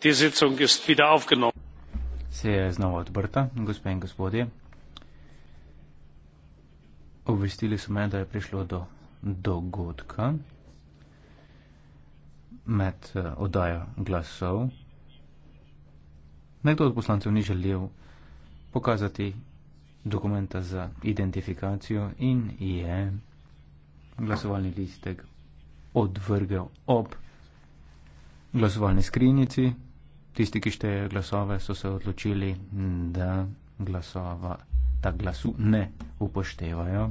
te sitzung ist wieder aufgenommen. Seja je znova odprta, gospe in gospodje. Obvestili so me, da je prišlo do dogodka med eh, oddajo glasov. Nekdo od poslancev ni želel pokazati dokumenta za identifikacijo in je glasovalni listek odvrgel ob glasovalni skrinjici tisti, ki štejejo glasove, so se odločili, da glasova, da glasu ne upoštevajo.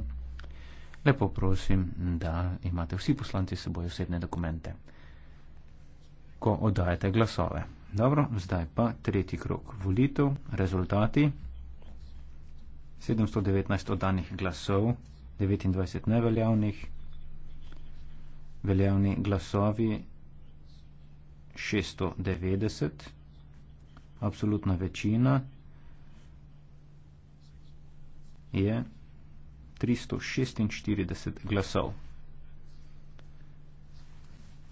Lepo prosim, da imate vsi poslanci s seboj osebne dokumente, ko oddajate glasove. Dobro, zdaj pa tretji krok volitev, rezultati. 719 oddanih glasov, 29 neveljavnih, veljavni glasovi 690 absolutna večina je 346 glasov.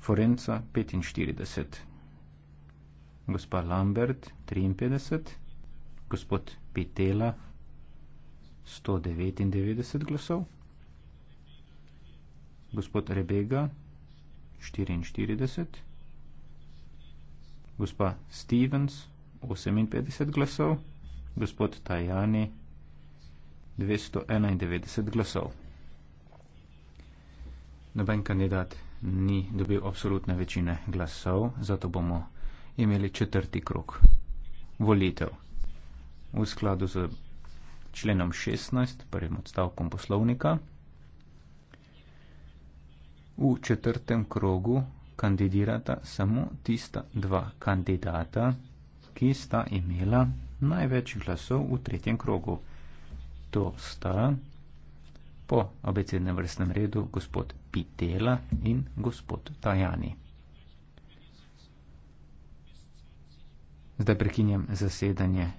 Forenca 45, gospa Lambert 53, gospod Pitela 199 glasov, gospod Rebega 44, gospa Stevens 58 glasov, gospod Tajani 291 glasov. Noben kandidat ni dobil absolutne večine glasov, zato bomo imeli četrti krok volitev. V skladu z členom 16, prvim odstavkom poslovnika, v četrtem krogu kandidirata samo tista dva kandidata, ki sta imela največ glasov v tretjem krogu. To sta po abecednem vrstnem redu gospod Pitela in gospod Tajani. Zdaj prekinjam zasedanje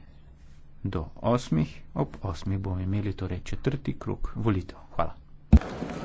do osmih. Ob osmih bomo imeli torej četrti krok volitev. Hvala.